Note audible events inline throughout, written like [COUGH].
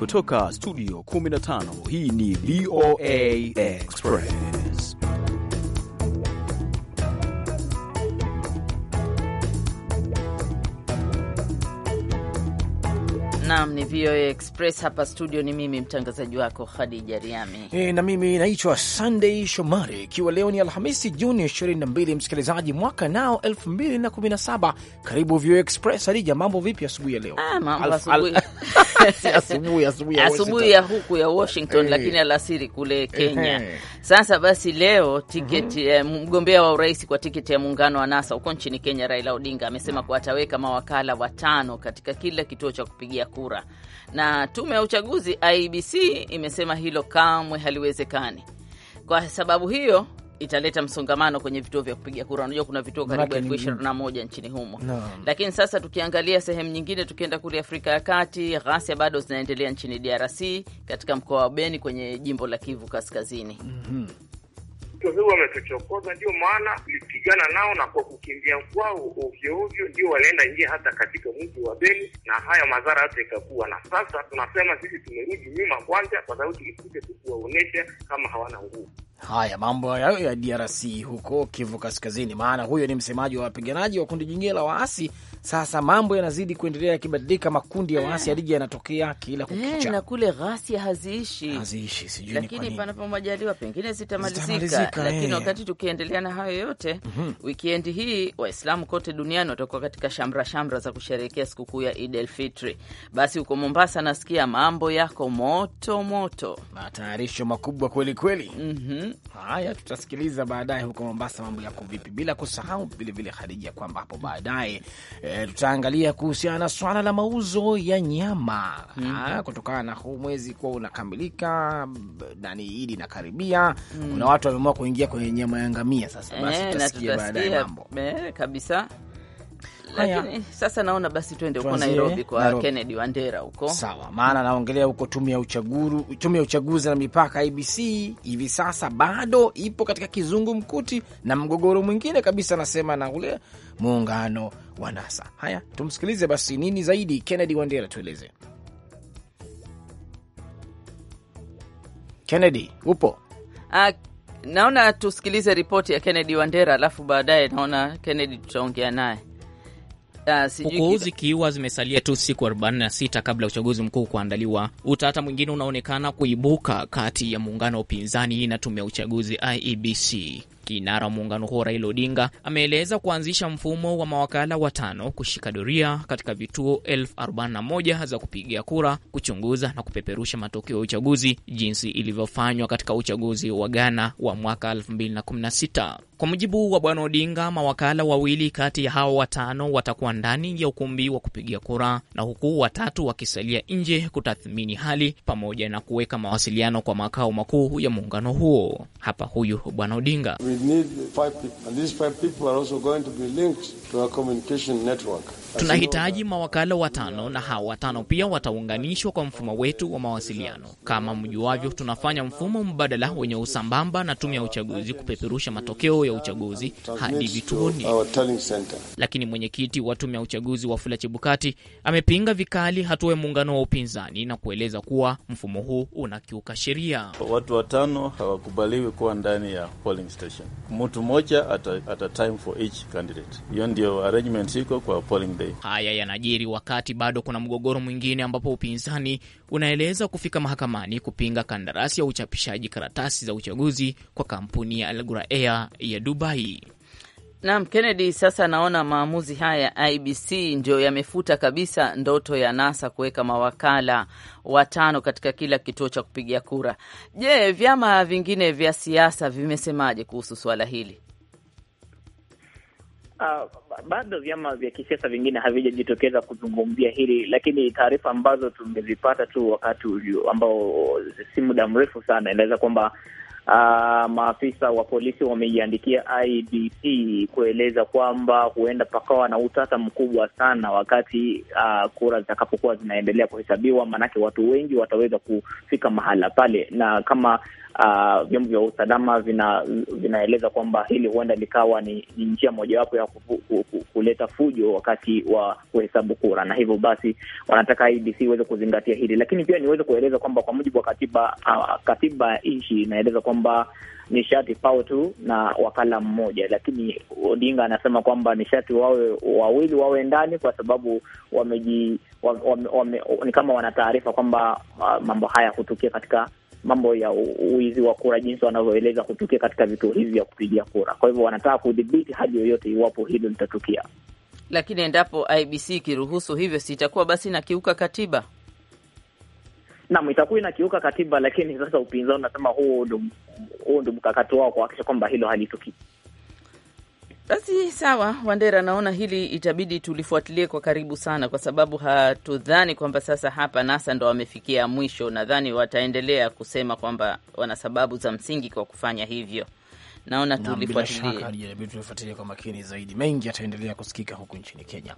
Kutoka studio 15 hii ni VOA Express. ni VOA Express hapa studio. Ni mimi mtangazaji wako Khadija Riami. E, na mimi naitwa sandey Shomari. Ikiwa leo ni Alhamisi Juni 22, msikilizaji, mwaka nao 2017. Karibu VOA Express. Hadija, mambo vipi asubuhi ya leo? Ah, [LAUGHS] [LAUGHS] asubuhi asubuhi ya, asubuhi ya huku ya Washington hey, eh. lakini alasiri kule eh. Kenya hey. Sasa basi leo tiketi mm -hmm. mgombea wa urais kwa tiketi ya muungano wa NASA huko nchini Kenya Raila Odinga amesema mm. kuwa ataweka mawakala watano katika kila kituo cha kupigia kura, na tume ya uchaguzi ibc imesema hilo kamwe haliwezekani. Kwa sababu hiyo italeta msongamano kwenye vituo vya kupiga kura. Unajua kuna vituo karibu elfu ishirini na moja nchini humo no. Lakini sasa tukiangalia sehemu nyingine, tukienda kule Afrika ya Kati, ghasia bado zinaendelea nchini DRC katika mkoa wa Beni kwenye jimbo la Kivu Kaskazini. mm -hmm. Huu wametuchokoza, ndio maana tulipigana nao, na kwa kukimbia kwao ovyo ovyo ndio walienda njia hata katika mji wa Beni, na haya madhara yote ikakuwa. Na sasa tunasema sisi tumerudi nyuma kwanza, kwa sababu tulikuja kuwaonyesha kama hawana nguvu. Haya mambo hayo ya DRC huko Kivu Kaskazini, maana huyo ni msemaji wa wapiganaji wa kundi jingine la waasi. Sasa mambo yanazidi kuendelea yakibadilika, makundi ya waasi yariji yanatokea kila eh, kukicha na kule ghasia haziishi, haziishi sijui lakini panapo majaliwa pengine zitamalizika, lakini e, wakati tukiendelea na hayo yote mm -hmm. Wikendi hii Waislamu kote duniani watakuwa katika shamra shamra za kusherehekea sikukuu ya Eid el Fitri. Basi huko Mombasa nasikia mambo yako moto moto, matayarisho makubwa kweli kweli mm -hmm. Haya, tutasikiliza baadaye huko Mombasa mambo yako vipi, bila kusahau vilevile Hadija kwamba hapo baadaye e, tutaangalia kuhusiana na swala la mauzo ya nyama mm. Ah, kutokana na huu mwezi kuwa unakamilika, nani Idi nakaribia mm. kuna watu wameamua kuingia kwenye nyama ya ngamia sasa. Basi eh, tutasikia baadaye mambo eh, kabisa lakini eh, sasa naona basi tuende huko Nairobi kwa Nairobi. Kennedy Wandera huko sawa, maana naongelea huko tume ya uchaguru, tume ya uchaguzi na mipaka IBC hivi sasa bado ipo katika kizungumkuti na mgogoro mwingine kabisa, anasema na ule muungano wa NASA. Haya, tumsikilize basi nini zaidi Kennedy Wandera, tueleze. Kennedy upo? A, ah, naona tusikilize ripoti ya Kennedy Wandera alafu baadaye naona Kennedy tutaongea naye. Uh, ah, zikiwa zimesalia tu siku 46 kabla ya uchaguzi mkuu kuandaliwa, utata mwingine unaonekana kuibuka kati ya muungano wa upinzani na tume ya uchaguzi IEBC. Kinara wa muungano huo Raila Odinga ameeleza kuanzisha mfumo wa mawakala watano kushika doria katika vituo 41 za kupigia kura kuchunguza na kupeperusha matokeo ya uchaguzi jinsi ilivyofanywa katika uchaguzi wa Ghana wa mwaka 2016. Kwa mujibu wa Bwana Odinga, mawakala wawili kati ya hao watano watakuwa ndani ya ukumbi wa kupigia kura na huku watatu wakisalia nje kutathmini hali pamoja na kuweka mawasiliano kwa makao makuu ya muungano huo. Hapa huyu Bwana Odinga. need five people. And these five people are also going to be linked to a communication network. Tunahitaji mawakala watano na hao watano pia wataunganishwa kwa mfumo wetu wa mawasiliano. Kama mjuavyo, tunafanya mfumo mbadala wenye usambamba na tume ya uchaguzi kupeperusha matokeo ya uchaguzi hadi vituoni. Lakini mwenyekiti wa tume ya uchaguzi Fula Chebukati amepinga vikali hatua ya muungano wa upinzani na kueleza kuwa mfumo huu unakiuka sheria. Watu watano hawakubaliwi kuwa ndani ya polling station. Mtu mmoja at a time for each candidate. Hiyo ndio arrangement iko kwa polling Monday. Haya yanajiri wakati bado kuna mgogoro mwingine ambapo upinzani unaeleza kufika mahakamani kupinga kandarasi ya uchapishaji karatasi za uchaguzi kwa kampuni ya Al ya Dubai. Naam, Kennedy, sasa naona maamuzi haya ya IBC ndio yamefuta kabisa ndoto ya NASA kuweka mawakala watano katika kila kituo cha kupiga kura. Je, vyama vingine vya siasa vimesemaje kuhusu suala hili? Uh, bado vyama vya kisiasa vingine havijajitokeza kuzungumzia hili, lakini taarifa ambazo tumezipata tu wakati ambao si muda mrefu sana, inaweza kwamba uh, maafisa wa polisi wameiandikia IDC kueleza kwamba huenda pakawa na utata mkubwa sana wakati uh, kura zitakapokuwa zinaendelea kuhesabiwa, maanake watu wengi wataweza kufika mahala pale, na kama uh, vyombo vya usalama vina, vinaeleza kwamba hili huenda likawa ni, ni njia mojawapo ya kuleta fujo wakati wa kuhesabu kura, na hivyo basi wanataka IBC iweze kuzingatia hili, lakini pia niweze kueleza kwamba kwa mujibu wa katiba uh, katiba ya nchi inaeleza kwamba nishati pao tu na wakala mmoja, lakini Odinga anasema kwamba nishati wawe wawili wawe ndani, kwa sababu wameji wame, wame, ni kama wana taarifa kwamba uh, mambo haya hutukia katika mambo ya uwizi wa kura jinsi wanavyoeleza kutukia katika vituo hivi vya kupigia kura. Kwa hivyo wanataka kudhibiti hali yoyote iwapo hilo litatukia, lakini endapo IBC ikiruhusu hivyo, si itakuwa basi inakiuka katiba? Naam, itakuwa inakiuka katiba, lakini sasa upinzani unasema huu ndo mkakati wao kuhakikisha kwamba hilo halitukii. Basi sawa, Wandera, naona hili itabidi tulifuatilie kwa karibu sana, kwa sababu hatudhani kwamba sasa hapa NASA ndo wamefikia mwisho. Nadhani wataendelea kusema kwamba wana sababu za msingi kwa kufanya hivyo. Naona tulifuatilie kwa makini zaidi, mengi yataendelea kusikika huku nchini Kenya.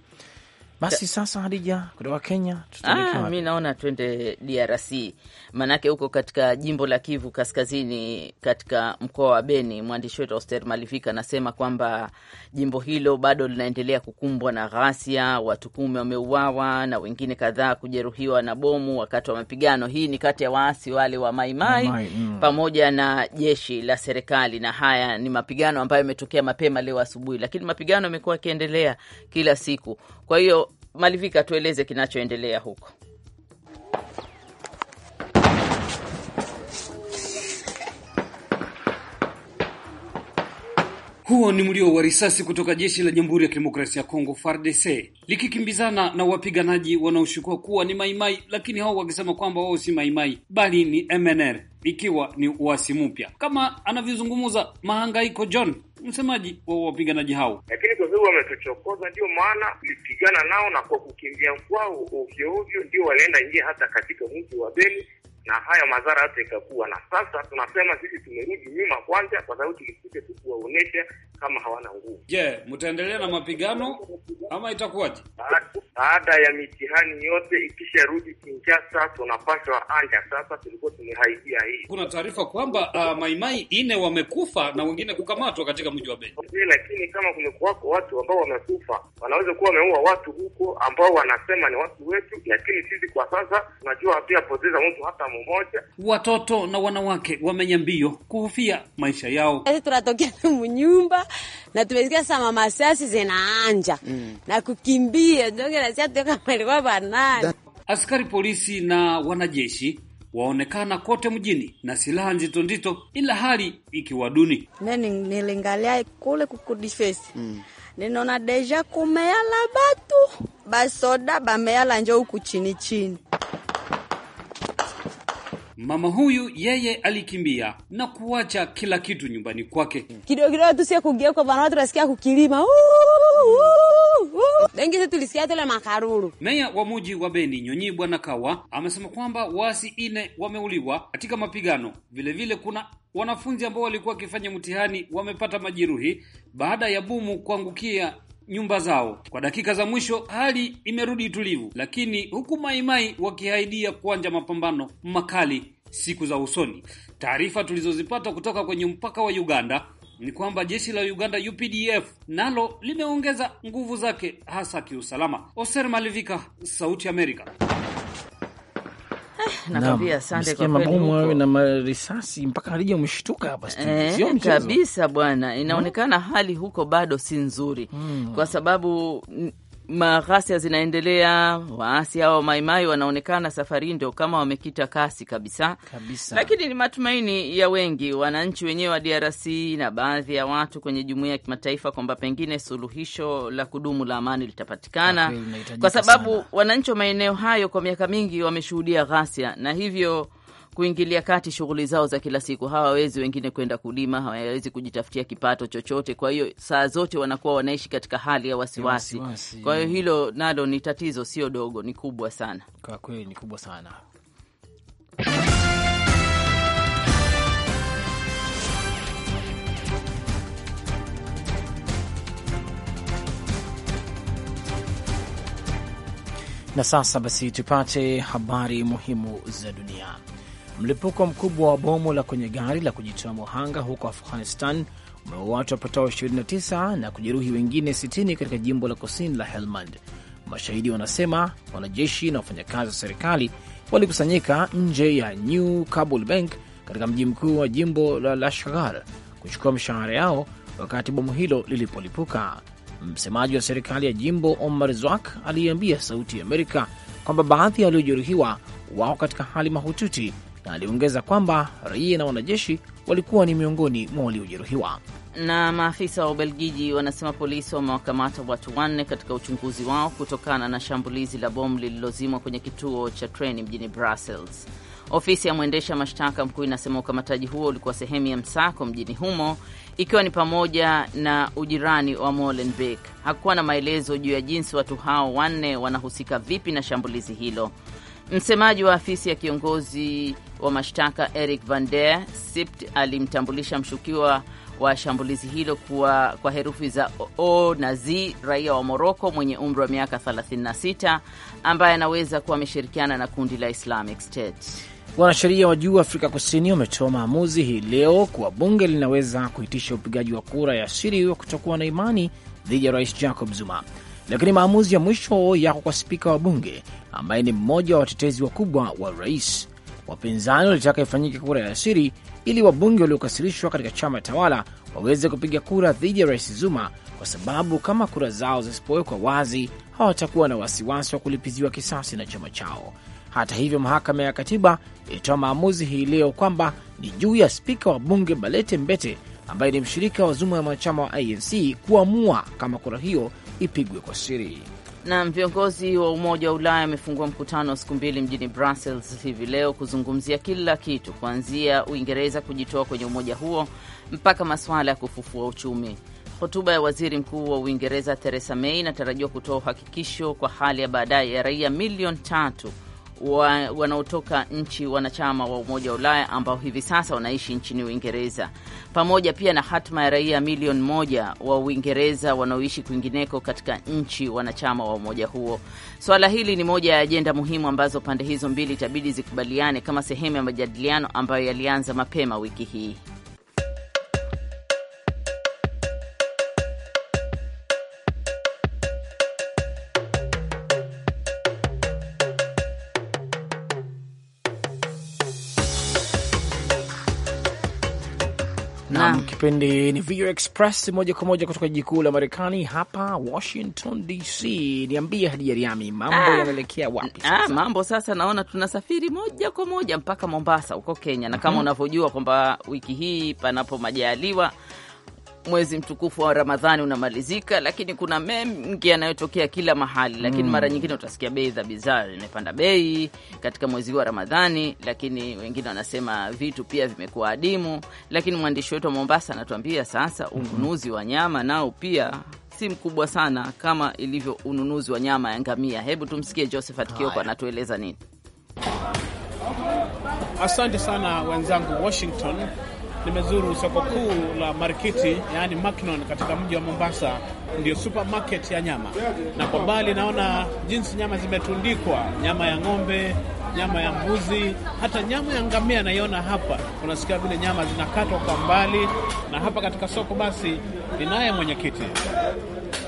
Basi sasa, Hadija, kutoka Kenya ah, mi naona twende DRC, maanake huko katika jimbo la Kivu Kaskazini, katika mkoa wa Beni, mwandishi wetu Oster Malivika anasema kwamba jimbo hilo bado linaendelea kukumbwa na ghasia. Watu kumi wameuawa na wengine kadhaa kujeruhiwa na bomu wakati wa mapigano. Hii ni kati ya waasi wale wa Maimai Mai, mm, pamoja na jeshi la serikali, na haya ni mapigano ambayo yametokea mapema leo asubuhi, lakini mapigano yamekuwa yakiendelea kila siku kwa hiyo Malivika, tueleze kinachoendelea huko. Huo ni mlio wa risasi kutoka jeshi la Jamhuri ya Kidemokrasia ya Kongo FARDC likikimbizana na wapiganaji wanaoshukua kuwa ni maimai, lakini hao wakisema kwamba wao si maimai bali ni MNR, ikiwa ni uasi mpya kama anavyozungumza Mahangaiko John Msemaji wa wapiganaji hao: lakini kwa sababu wametuchokoza, ndio maana tulipigana nao, na kwa kukimbia kwao ovyo ovyo ndio walienda njia hata katika mji wa Beni na haya madhara yote ikakuwa. Na sasa tunasema sisi tumerudi nyuma kwanza, kwa sababu tulikuja tu kuwaonyesha kama hawana nguvu. Je, yeah, mtaendelea na mapigano ama itakuwaje? Baada ya mitihani yote ikisharudi Kinshasa, tunapaswa anja sasa. Tulikuwa tumehaidia hii. Kuna taarifa kwamba uh, maimai ine wamekufa na wengine kukamatwa katika mji wa Beni. Okay, lakini kama kumekuwako watu ambao wamekufa, wanaweza kuwa wameua watu huko ambao wanasema ni watu wetu, lakini sisi kwa sasa tunajua pia poteza mtu hata mmoja. Watoto na wanawake wamenya mbio kuhofia maisha yao. Sisi tunatokea mnyumba na tumesikia sasa mama sasi zinaanja mm. na kukimbia donge na sasa toka malikuwa banani. Askari polisi na wanajeshi waonekana kote mjini na silaha nzito nzito, ila hali ikiwa duni. Nani nilingalia kule defense mm. Ninaona deja kumeala batu basoda bameala njo huku chini chini Mama huyu yeye alikimbia na kuacha kila kitu nyumbani kwake. Kidogo kidogo tu sio kwa bana, watu nasikia kukilima zetu tulisikia tele makaruru. Meya wa muji wa Beni Nyonyi Bwana Kawa amesema kwamba waasi ine wameuliwa katika mapigano. Vilevile vile kuna wanafunzi ambao walikuwa wakifanya mtihani wamepata majeruhi baada ya bumu kuangukia nyumba zao. Kwa dakika za mwisho hali imerudi tulivu, lakini huku maimai wakihaidia kuanja mapambano makali siku za usoni. Taarifa tulizozipata kutoka kwenye mpaka wa Uganda ni kwamba jeshi la Uganda UPDF nalo limeongeza nguvu zake hasa kiusalama. Oser Malivika, Sauti Amerika nakwambia asante kwa mabomu hayo na marisasi mpaka Hadija umeshtuka hapa e, kabisa bwana. Inaonekana mm. hali huko bado si nzuri hmm, kwa sababu Maghasia zinaendelea, waasi hawa Maimai wanaonekana safari ndio kama wamekita kasi kabisa kabisa, lakini ni matumaini ya wengi wananchi wenyewe wa DRC na baadhi ya watu kwenye jumuiya ya kimataifa kwamba pengine suluhisho la kudumu la amani litapatikana, kwa sababu wananchi wa maeneo hayo kwa miaka mingi wameshuhudia ghasia na hivyo kuingilia kati shughuli zao za kila siku. Hawawezi wengine kwenda kulima, hawawezi kujitafutia kipato chochote, kwa hiyo saa zote wanakuwa wanaishi katika hali ya wasiwasi, Kwa hiyo hilo nalo ni tatizo, sio dogo, ni kubwa sana, kwa kweli ni kubwa sana. Na sasa basi tupate habari muhimu za dunia. Mlipuko mkubwa wa bomu la kwenye gari la kujitoa muhanga huko Afghanistan umeua watu wapatao 29 na kujeruhi wengine 60 katika jimbo la kusini la Helmand. Mashahidi wanasema wanajeshi na wafanyakazi wa serikali walikusanyika nje ya New Kabul Bank katika mji mkuu wa jimbo la Lashkar kuchukua mishahara yao wakati bomu hilo lilipolipuka. Msemaji wa serikali ya jimbo Omar Zwak aliyeambia Sauti ya Amerika kwamba baadhi ya waliojeruhiwa wao katika hali mahututi na aliongeza kwamba raia na wanajeshi walikuwa ni miongoni mwa waliojeruhiwa. Na maafisa wa Ubelgiji wanasema polisi wamewakamata watu wanne katika uchunguzi wao kutokana na shambulizi la bomu lililozimwa kwenye kituo cha treni mjini Brussels. Ofisi ya mwendesha mashtaka mkuu inasema ukamataji huo ulikuwa sehemu ya msako mjini humo, ikiwa ni pamoja na ujirani wa Molenbeek. Hakuwa na maelezo juu ya jinsi watu hao wanne wanahusika vipi na shambulizi hilo. Msemaji wa afisi ya kiongozi wa mashtaka Eric Van Der Sipt alimtambulisha mshukiwa wa shambulizi hilo kuwa kwa herufi za O na Z, raia wa Moroko mwenye umri wa miaka 36 ambaye anaweza kuwa ameshirikiana na kundi la Islamic State. Wanasheria wa juu wa Afrika Kusini wametoa maamuzi hii leo kuwa bunge linaweza kuitisha upigaji wa kura ya siri wa kutokuwa na imani dhidi ya rais Jacob Zuma, lakini maamuzi ya mwisho yako kwa spika wa bunge ambaye ni mmoja wa watetezi wakubwa wa rais. Wapinzani walitaka ifanyike kura ya siri ili wabunge waliokasirishwa katika chama tawala waweze kupiga kura dhidi ya rais Zuma, kwa sababu kama kura zao zisipowekwa wazi hawatakuwa na wasiwasi wa kulipiziwa kisasi na chama chao. Hata hivyo, mahakama ya katiba ilitoa maamuzi hii leo kwamba ni juu ya spika wa bunge Balete Mbete ambaye ni mshirika wa Zuma ya mwanachama wa ANC kuamua kama kura hiyo ipigwe kwa siri na viongozi wa Umoja wa Ulaya amefungua mkutano wa siku mbili mjini Brussels hivi leo kuzungumzia kila kitu kuanzia Uingereza kujitoa kwenye umoja huo mpaka masuala ya kufufua uchumi. Hotuba ya waziri mkuu wa Uingereza Theresa May inatarajiwa kutoa uhakikisho kwa hali ya baadaye ya raia milioni tatu wa, wanaotoka nchi wanachama wa Umoja wa Ulaya ambao hivi sasa wanaishi nchini Uingereza, pamoja pia na hatima ya raia milioni moja wa Uingereza wanaoishi kwingineko katika nchi wanachama wa umoja huo. Swala hili ni moja ya ajenda muhimu ambazo pande hizo mbili itabidi zikubaliane kama sehemu ya majadiliano ambayo yalianza mapema wiki hii. Kipindi ni VOA Express moja kwa moja kutoka jiji kuu la Marekani hapa Washington DC. Niambie Hadi Riami, mambo ah, yanaelekea wapi ah, sasa? Ah, mambo sasa naona tunasafiri moja kwa moja mpaka Mombasa huko Kenya, na kama mm -hmm. unavyojua kwamba wiki hii panapo majaliwa mwezi mtukufu wa Ramadhani unamalizika, lakini kuna mengi yanayotokea kila mahali, lakini mm. mara hmm. nyingine utasikia bei za bidhaa zimepanda bei katika mwezi huu wa Ramadhani, lakini wengine wanasema vitu pia vimekuwa adimu. Lakini mwandishi wetu wa Mombasa anatuambia sasa hmm. ununuzi wa nyama nao pia si mkubwa sana kama ilivyo ununuzi wa nyama ya ngamia. Hebu tumsikie Josephat Kioko anatueleza nini. Asante sana wenzangu Washington nimezuru soko kuu la Marikiti, yaani Macnon, katika mji wa Mombasa, ndio supermarket ya nyama, na kwa mbali naona jinsi nyama zimetundikwa, nyama ya ng'ombe, nyama ya mbuzi, hata nyama ya ngamia naiona hapa. Unasikia vile nyama zinakatwa kwa mbali, na hapa katika soko basi ninaye mwenyekiti.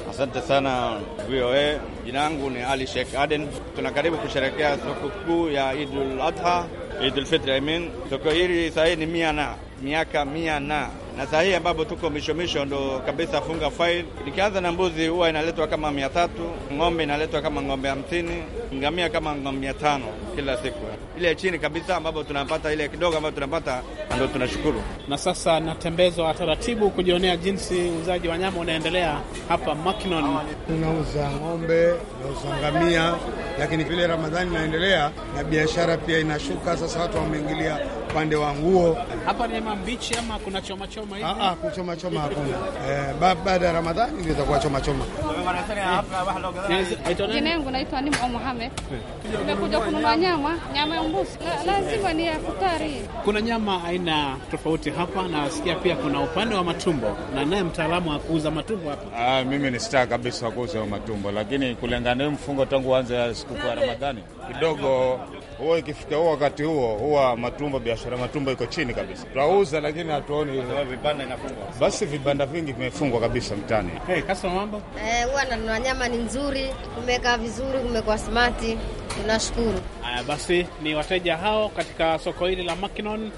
Asante sana VOA. Jina langu ni Ali Sheikh Aden. Tunakaribu kusherekea soko kuu ya Idul Adha, Idul Fitri. mean. Soko hili sahii ni mia na miaka mia na na saa hii ambapo tuko mishomisho ndo kabisa funga faili. Nikianza na mbuzi huwa inaletwa kama mia tatu, ng'ombe inaletwa kama ng'ombe hamsini, ngamia kama ng'ombe mia tano kila siku. Ile chini kabisa ambapo tunapata ile kidogo ambayo tunapata ambayo tunashukuru, na sasa natembezwa taratibu kujionea jinsi uuzaji wa nyama unaendelea hapa Makinon. Tunauza ng'ombe, tunauza ngamia, lakini vile Ramadhani inaendelea na biashara pia inashuka. Sasa watu wameingilia upande wa nguo. Hapa ni mbichi ama kuna choma choma hivi? Ah, ah, choma choma hakuna. Eh, baada ya Ramadhani ndio itakuwa choma choma. Jina langu naitwa Nima Mohamed. Nimekuja kununua nyama, nyama ya mbuzi. Lazima ni ya kutari. Kuna nyama aina aina tofauti hapa, na wasikia pia kuna upande wa matumbo, na naye mtaalamu wa kuuza matumbo hapa. Ah, mimi ni sta kabisa wa kuuza matumbo, lakini kulingana mfungo tangu uanze sikukuu ya Ramadhani kidogo huo ikifika huo wakati huo huwa matumbo, biashara matumbo iko chini kabisa. Tunauza lakini hatuoni, vibanda inafungwa, basi vibanda vingi vimefungwa kabisa mtani. Hey, kasa mambo eh, huwa nyama ni nzuri, kumekaa vizuri, kumekuwa smati, tunashukuru. Haya basi, ni wateja hao katika soko hili la Makinon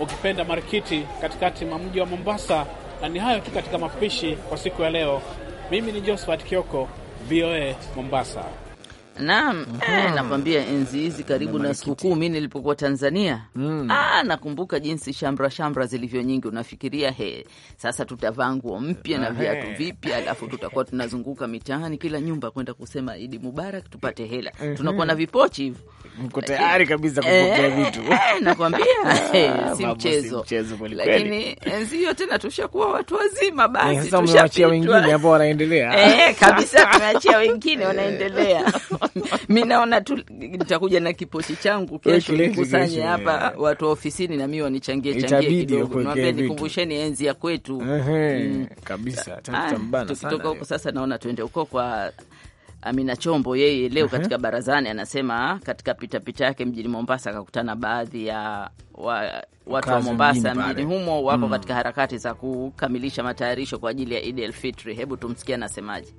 ukipenda marikiti, katikati mwa mji wa Mombasa. Na ni hayo tu katika mapishi kwa siku ya leo. Mimi ni Josephat Kioko, VOA Mombasa. Naam, eh, nakwambia enzi hizi karibu na sikukuu, mi nilipokuwa Tanzania mm. Ah, nakumbuka jinsi shamra shamra zilivyo nyingi. Unafikiria he, sasa tutavaa nguo mpya na ah, viatu vipya, alafu tutakuwa tunazunguka mitaani kila nyumba kwenda kusema Idi Mubarak tupate hela. mm -hmm. Tunakuwa na vipochi hivyo, mko tayari kabisa kupokea vitu eh, nakwambia ah, si mchezo, lakini enzi hiyo tena tushakuwa watu wazima, eh, basi tumewachia wengine ambao wanaendelea eh, kabisa [LAUGHS] tumeachia wengine eh. wanaendelea [LAUGHS] mi naona tu nitakuja na kiposhi changu kesho nikusanye hapa eh. watu wa ofisini, na mi wanichangie changie kidogo, nikumbusheni enzi ya kwetu mm. kabisa. Ah, tukitoka huko sasa, naona tuende huko kwa Amina Chombo yeye leo uh -huh. katika barazani anasema ah, katika pitapita yake mjini Mombasa akakutana baadhi ya wa, watu wa Mombasa mjini humo wako mm. katika harakati za kukamilisha matayarisho kwa ajili ya Idi el Fitri. Hebu tumsikia anasemaje.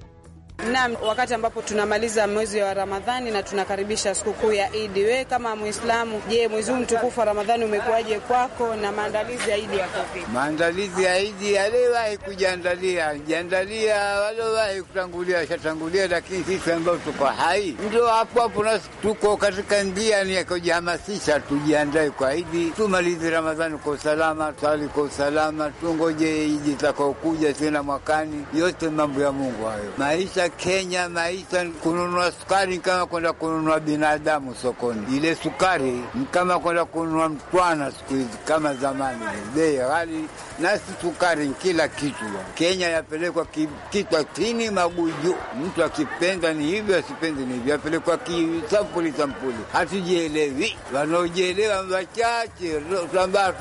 Naam, wakati ambapo tunamaliza mwezi wa Ramadhani na tunakaribisha sikukuu ya Idi, we kama Mwislamu, je, mwezi huu mtukufu wa Ramadhani umekuwaje kwako na maandalizi ya Idi yako vipi? Maandalizi ya Idi yaliwahi kujiandalia jiandalia, waliowahi kutangulia washatangulia, lakini sisi ambao tuko hai ndio hapo hapo, na tuko katika njia ni ya kujihamasisha, tujiandae kwa Idi, tumalize Ramadhani kwa usalama, swali kwa usalama, tungoje Idi itakaokuja tena mwakani. Yote mambo ya Mungu hayo maisha Kenya maisha kununua sukari kama kwenda kununua binadamu sokoni. Ile sukari ni kama kwenda kununua mtwana siku hizi, kama zamani, bei ghali. Nasi sukari kila kitu Kenya yapelekwa kitwa chini maguju, mtu akipenda ni hivyo, asipendi ni hivyo, yapelekwa kisampuli sampuli. Hatujielewi, wanaojielewa wachache, kwamba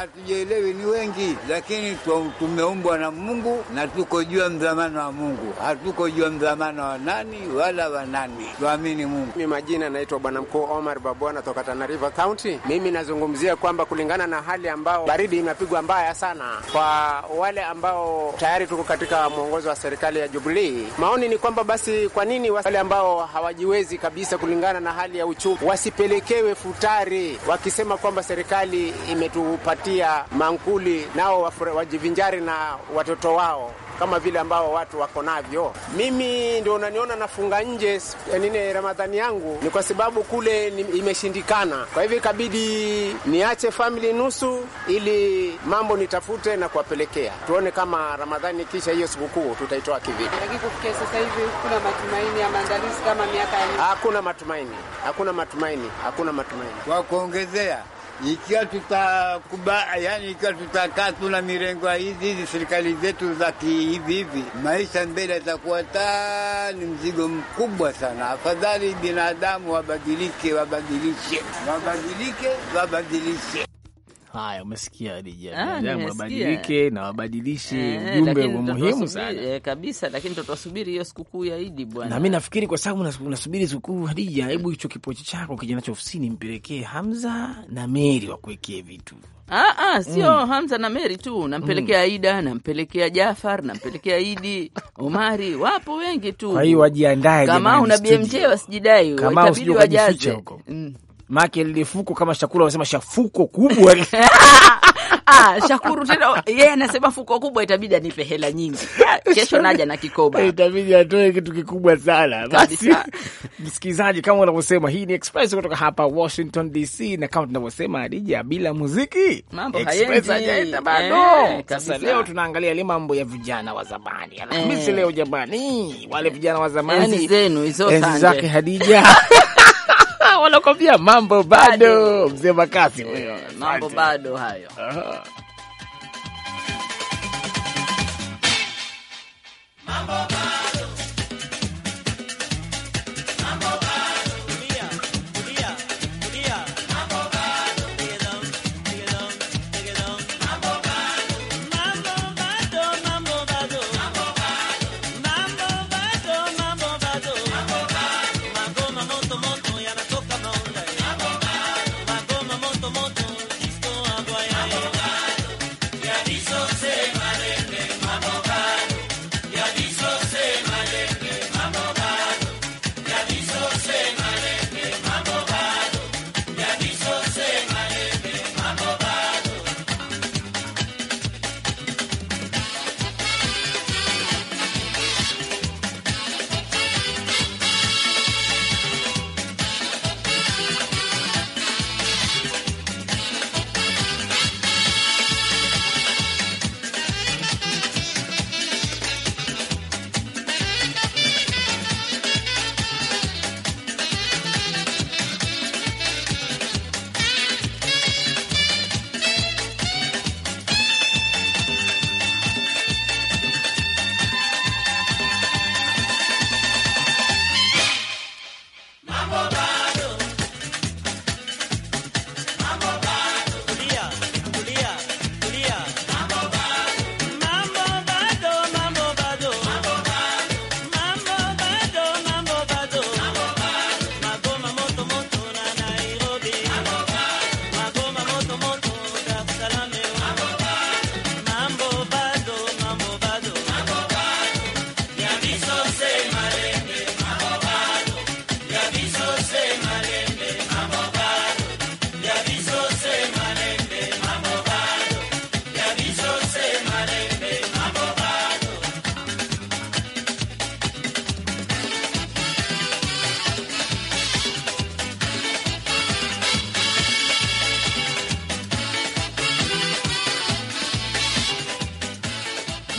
hatujielewi ni wengi, lakini tumeumbwa na Mungu na tuko jua mdhamano wa Mungu, hatuko jua kujua mdhamana wa nani wala wa nani. Tuamini Mungu. Mimi majina naitwa Bwana Mkuu Omar Babwana toka Tana River County. Mimi nazungumzia kwamba kulingana na hali ambao baridi inapigwa mbaya sana kwa wale ambao tayari tuko katika mwongozo wa serikali ya Jubilee, maoni ni kwamba basi, kwa nini wale ambao hawajiwezi kabisa kulingana na hali ya uchumi wasipelekewe futari, wakisema kwamba serikali imetupatia mankuli, nao wajivinjari na watoto wao kama vile ambao watu wako navyo. Mimi ndio unaniona nafunga nje eh, nine Ramadhani yangu ni kwa sababu kule imeshindikana, kwa hivyo ikabidi niache famili nusu, ili mambo nitafute na kuwapelekea, tuone kama Ramadhani kisha hiyo sikukuu tutaitoa kivipi. Lakini kufikia sasa hivi kuna matumaini ya maandalizi kama miaka ya Hakuna matumaini, hakuna matumaini, hakuna matumaini. Kwa kuongezea ikiwa tutakuba, yani ikiwa tutakaa na mirengo hizi hizi serikali zetu za kihivi hivi, maisha mbele yatakuwa taa ni mzigo mkubwa sana. Afadhali binadamu wabadilike, wabadilishe, wabadilike, wabadilishe. Haya, umesikia Dija, wabadilike ah, na wabadilishe eh, eh, ujumbe wa muhimu sana e, kabisa. Lakini tutasubiri hiyo sikukuu ya Idi bwana, na mimi nafikiri kwa sababu nasubiri sikukuu Hadija, hebu hicho kipochi chako kijanacho ofisini mpelekee Hamza na Meri wakuwekee vitu. Ah, ah, sio mm. Hamza na Meri tu nampelekea mm. Aida, nampelekea Jafar, nampelekea Idi [LAUGHS] Omari, wapo wengi tu. Kwa hiyo wajiandae, kama una BMJ wasijidai, itabidi wajaze huko mm. Maake lile fuko kama shakuru anasema shafuko kubwa [LAUGHS] [LAUGHS] Ah, shakuru tena yeye yeah, anasema fuko kubwa itabidi anipe hela nyingi. Ah, kesho naja na kikoba. [LAUGHS] Itabidi atoe kitu kikubwa sana. Basi msikilizaji, kama unavyosema, hii ni Express kutoka hapa Washington DC, na kama tunavyosema Adija, bila muziki mambo Express hajaenda eh, bado. sasa Eh, leo tunaangalia ile mambo ya vijana wa zamani. Alhamisi eh, leo jamani, wale vijana wa zamani yaani zenu hizo zake Hadija wanakwambia mambo bado, mzee Makasi huyo, eh, mambo bado hayo. Aha. mambo bado.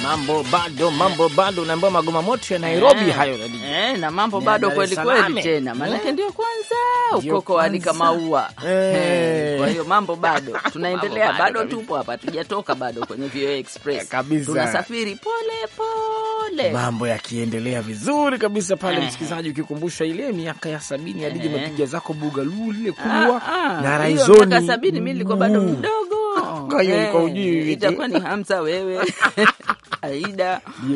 Mambo bado, mambo bado, unaambiwa magoma moto ya Nairobi eh, hayo eh, na mambo bado kweli kweli tena, maanake eh. ndio kwanza ukoko alika maua Hey. Eh. Kwa hiyo mambo bado [LAUGHS] tunaendelea bado, bado, bado tupo hapa tujatoka bado kwenye VOA Express kabisa, tunasafiri pole pole, mambo yakiendelea vizuri kabisa pale Msikilizaji, ukikumbusha ile miaka ya sabini, Hadija eh. Mapiga zako buga lile kubwa ah, ah. na raizoni miaka sabini, mimi nilikuwa bado mdogo kwa hiyo eh, ujui itakuwa ni hamsa wewe [LAUGHS] Aida [LAUGHS]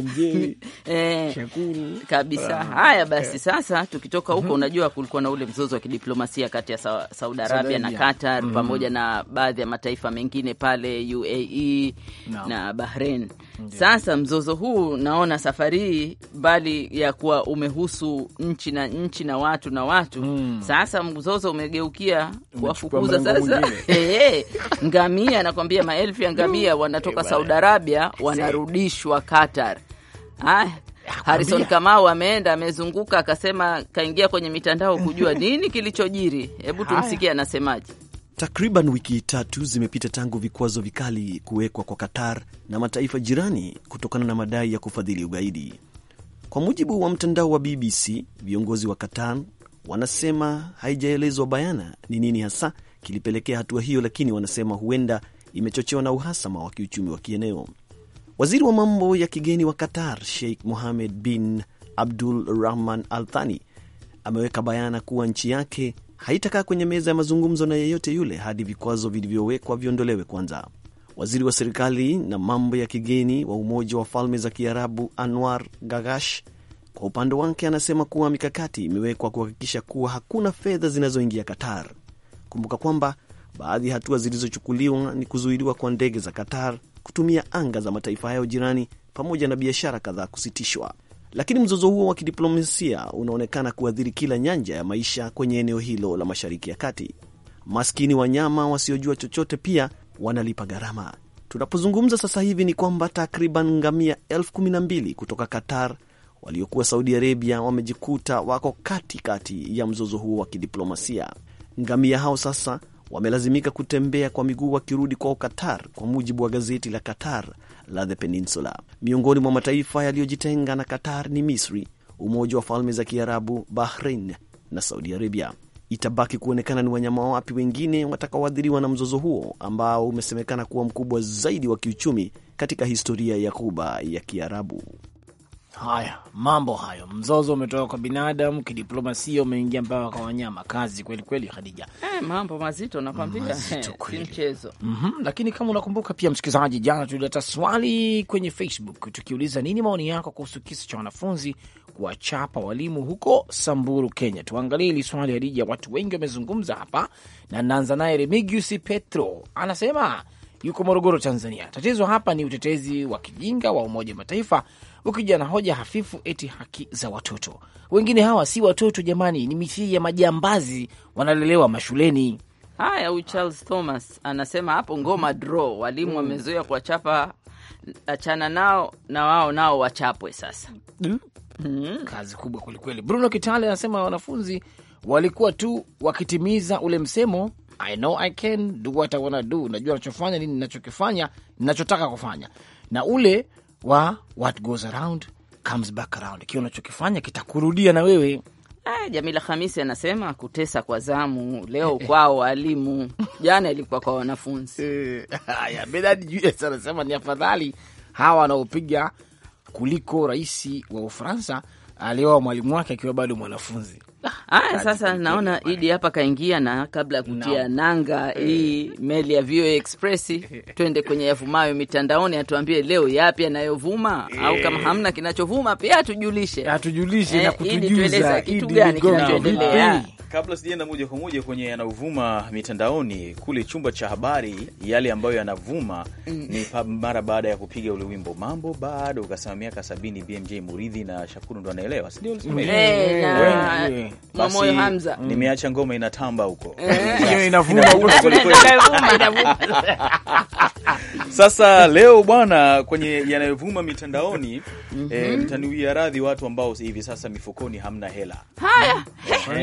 eh, Shakuru kabisa. Ah, Haya eh. basi, sasa tukitoka huko, mhm. unajua kulikuwa na ule mzozo wa kidiplomasia kati ya Saudi, Arabia na Qatar mhm. pamoja na baadhi ya mataifa mengine pale UAE na Bahrain Sasa mzozo huu naona safari hii mbali ya kuwa umehusu nchi na nchi na watu na watu mm, sasa mzozo umegeukia kuwafukuza sasa [LAUGHS] ngamia na nakwambia maelfu ya ngamia wanatoka eh, Saudi Arabia wanarudishwa Qatar. Haya, ah, Harrison Kamau ameenda amezunguka, akasema kaingia kwenye mitandao kujua [LAUGHS] nini kilichojiri. Hebu tumsikie anasemaje. Takriban wiki tatu zimepita tangu vikwazo vikali kuwekwa kwa Qatar na mataifa jirani kutokana na madai ya kufadhili ugaidi. Kwa mujibu wa mtandao wa BBC, viongozi wa Qatar wanasema haijaelezwa bayana ni nini hasa kilipelekea hatua hiyo, lakini wanasema huenda imechochewa na uhasama wa kiuchumi wa kieneo. Waziri wa mambo ya kigeni wa Qatar Sheikh Mohammed bin Abdul Rahman Al Thani ameweka bayana kuwa nchi yake haitakaa kwenye meza ya mazungumzo na yeyote yule hadi vikwazo vilivyowekwa viondolewe kwanza. Waziri wa serikali na mambo ya kigeni wa Umoja wa Falme za Kiarabu Anwar Gagash kwa upande wake anasema kuwa mikakati imewekwa kuhakikisha kuwa hakuna fedha zinazoingia Qatar. Kumbuka kwamba Baadhi ya hatua zilizochukuliwa ni kuzuiliwa kwa ndege za Qatar kutumia anga za mataifa hayo jirani pamoja na biashara kadhaa kusitishwa. Lakini mzozo huo wa kidiplomasia unaonekana kuathiri kila nyanja ya maisha kwenye eneo hilo la Mashariki ya Kati. Maskini wanyama wasiojua chochote pia wanalipa gharama. Tunapozungumza sasa hivi ni kwamba takriban ngamia elfu kumi na mbili kutoka Qatar waliokuwa Saudi Arabia wamejikuta wako katikati kati ya mzozo huo wa kidiplomasia. Ngamia hao sasa wamelazimika kutembea kwa miguu wakirudi kwao Qatar, kwa mujibu wa gazeti la Qatar la The Peninsula. Miongoni mwa mataifa yaliyojitenga na Qatar ni Misri, Umoja wa Falme za Kiarabu, Bahrain na Saudi Arabia. Itabaki kuonekana ni wanyama wapi wengine watakaoathiriwa na mzozo huo ambao umesemekana kuwa mkubwa zaidi wa kiuchumi katika historia ya Ghuba ya Kiarabu. Haya mambo hayo, mzozo umetoka kwa binadamu, kidiplomasia umeingia mpaka kwa wanyama. Kazi kweli kweli, Khadija. Eh, mambo mazito nakwambia, si mchezo. mm -hmm. Lakini kama unakumbuka pia, msikilizaji, jana tulileta swali kwenye Facebook tukiuliza nini maoni yako kuhusu kisa cha wanafunzi kuwachapa walimu huko Samburu, Kenya. Tuangalie hili swali Khadija, watu wengi wamezungumza hapa, na naanza naye Remigius Petro anasema yuko Morogoro, Tanzania. Tatizo hapa ni utetezi wa kijinga wa Umoja Mataifa ukija na hoja hafifu eti haki za watoto. Wengine hawa si watoto jamani, ni mithili ya majambazi wanalelewa mashuleni. Haya, huyu Charles Thomas anasema hapo ngoma draw, walimu mm. wamezoea kuwachapa, achana nao na wao nao wachapwe sasa. Mm. Mm. Kazi kubwa kwelikweli. Bruno Kitale anasema wanafunzi walikuwa tu wakitimiza ule msemo I know I can do what I wanna do, najua nachofanya nini, nachokifanya, nachotaka kufanya na ule wa what goes around comes back around, ikiwa unachokifanya kitakurudia na wewe. Ah, Jamila Hamisi anasema kutesa kwa zamu leo kwao walimu, jana ilikuwa kwa wanafunzi. Eh, haya, Benard Julius anasema ni afadhali hawa wanaopiga kuliko rais wa Ufaransa aliowa mwalimu wake akiwa bado mwanafunzi. Haya, ah, sasa naona Idi hapa kaingia, na kabla ya kutia no. nanga eh. hii meli ya VOA Express, [LAUGHS] twende kwenye yavumayo mitandaoni, atuambie leo yapi yanayovuma eh. au kama hamna kinachovuma pia atujulishe, atujulishe eh, na kutujuza kitu gani kinachoendelea Kabla sijaenda moja kwa moja kwenye yanayovuma mitandaoni kule chumba cha habari, yale ambayo yanavuma mm. ni mara baada ya kupiga ule wimbo mambo bado ukasema miaka sabini, BMJ Muridhi na Shakuru ndo anaelewa, sindio? Mamoyo Hamza, mm. nimeacha ngoma inatamba huko eh. [LAUGHS] hiyo inavuma huko [LAUGHS] [LAUGHS] sasa leo bwana, kwenye yanayovuma mitandaoni mm -hmm. E, mtaniwia radhi watu ambao hivi sasa mifukoni hamna hela haya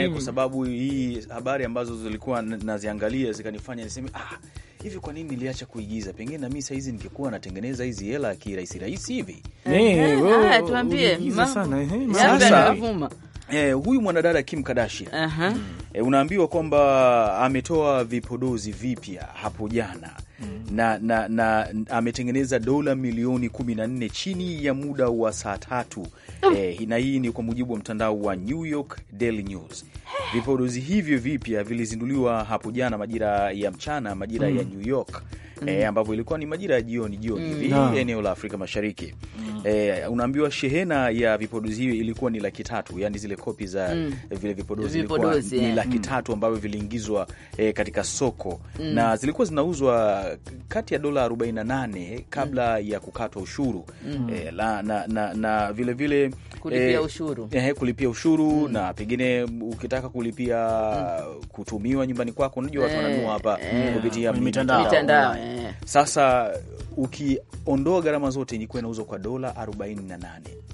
e, kwa sababu hii habari ambazo zilikuwa naziangalia zikanifanya niseme ah, hivi kwa nini niliacha kuigiza? Pengine na mimi saa ningekuwa natengeneza hizi hela kirahisi rahisi hivi. Tuambie sasa Eh, huyu mwanadada Kim Kardashian uh -huh. Mm. eh, unaambiwa kwamba ametoa vipodozi vipya hapo jana mm. na, na, na ametengeneza dola milioni 14 chini ya muda wa saa tatu mm. eh, na hii ni kwa mujibu wa mtandao wa New York Daily News. [SIGHS] Vipodozi hivyo vipya vilizinduliwa hapo jana majira ya mchana majira mm. ya New York mm. e, eh, ambapo ilikuwa ni majira ya jioni jioni hivi mm. eneo la Afrika Mashariki mm. e, unaambiwa shehena ya vipodozi hiyo ilikuwa ni laki tatu, yani zile kopi za mm. Eh, vile vipodozi ilikuwa ni laki mm. tatu ambavyo viliingizwa e, katika soko mm. na zilikuwa zinauzwa kati ya dola 48 kabla mm. ya kukatwa ushuru mm. e, la, na, na, na vile vile kulipia eh, ushuru, eh, kulipia ushuru mm. na pengine ukitaka kulipia mm. kutumiwa nyumbani kwako, unajua watu eh, wananua hapa eh. kupitia mitandao. Eh. Sasa ukiondoa gharama zote ilikuwa inauzwa kwa dola 48 uh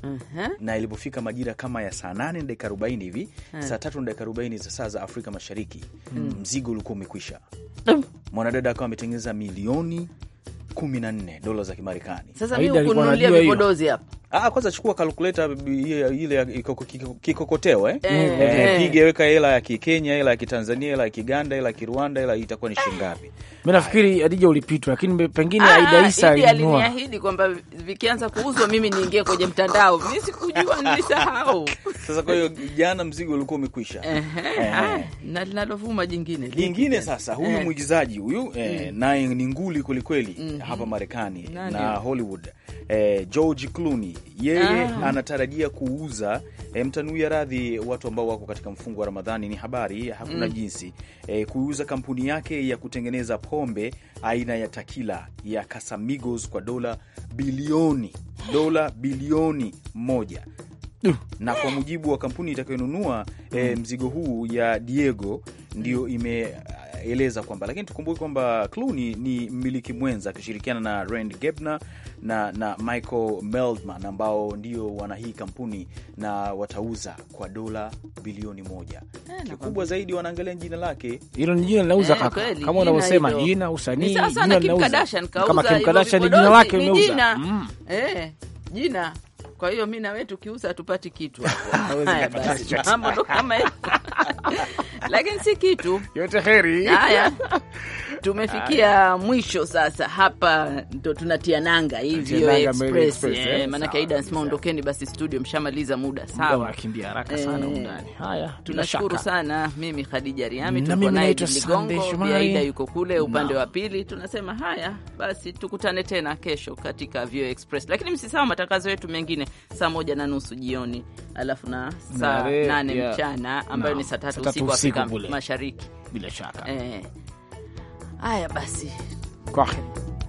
-huh. na ilipofika majira kama ya saa nane na dakika 40 hivi saa tatu na dakika 40 za saa za Afrika Mashariki mm. mzigo ulikuwa umekwisha. Mm. Mwanadada akawa ametengeneza milioni kumi na nne dola za Kimarekani. Sasa mimi kununulia vipodozi hapa Ah, kwanza chukua kalkuleta ile kikokoteo eh? eh? Eh, eh, pige weka hela ya Kikenya, hela ya Kitanzania, hela ya Kiganda, hela ya Kirwanda, hela itakuwa ni shilingi ngapi? Mimi nafikiri Adija ulipitwa, lakini pengine ah, Aida Isa aliniahidi kwamba vikianza kuuzwa mimi niingie kwenye mtandao. Mimi sikujua nilisahau. Sasa kwa hiyo jana mzigo ulikuwa umekwisha. Eh, eh. Na linalovuma jingine. Jingine sasa huyu eh, mwigizaji huyu eh, mm, naye ni nguli kweli kweli. Mm hapa Marekani na Hollywood eh, George Clooney yeye ah, anatarajia kuuza eh, mtanuia radhi watu ambao wako katika mfungo wa Ramadhani, ni habari hakuna mm, jinsi eh, kuuza kampuni yake ya kutengeneza pombe aina ya takila ya Casamigos kwa dola bilioni dola bilioni moja uh. na kwa mujibu wa kampuni itakayonunua e, eh, mm. mzigo huu ya Diego ndio ime anaeleza kwamba, lakini tukumbuke kwamba Clooney ni mmiliki mwenza akishirikiana na Rand Gebner na, na Michael Meldman ambao ndio wana hii kampuni na watauza kwa dola bilioni moja. Eh, Kikubwa zaidi wanaangalia jina lake, hilo ni jina linauza eh, kaka, kama unavyosema jina, usanii, jina linauza kama Kim Kardashian, jina lake umeuza mm. eh, jina. Kwa hiyo mi na nawe tukiuza hatupati kitu [LAUGHS] mambo ndo kama hivyo lakini si kitu yote heri haya [LAUGHS] tumefikia mwisho sasa, hapa ndo tunatia nanga hivyo eh, express, maana sima ondokeni basi studio, mshamaliza muda sawa, kimbia haraka sana eh, Haya, tunashukuru sana. Mimi Khadija Riami, tuko naye Ligongo, Aida yuko kule upande wa pili. Tunasema haya basi, tukutane tena kesho katika Vio Express, lakini msisahau matangazo yetu mengine saa moja na nusu jioni alafu na saa nane mchana ambayo ni saa tatu usiku Afrika Mashariki bila shaka eh. Haya basi, kwaheri.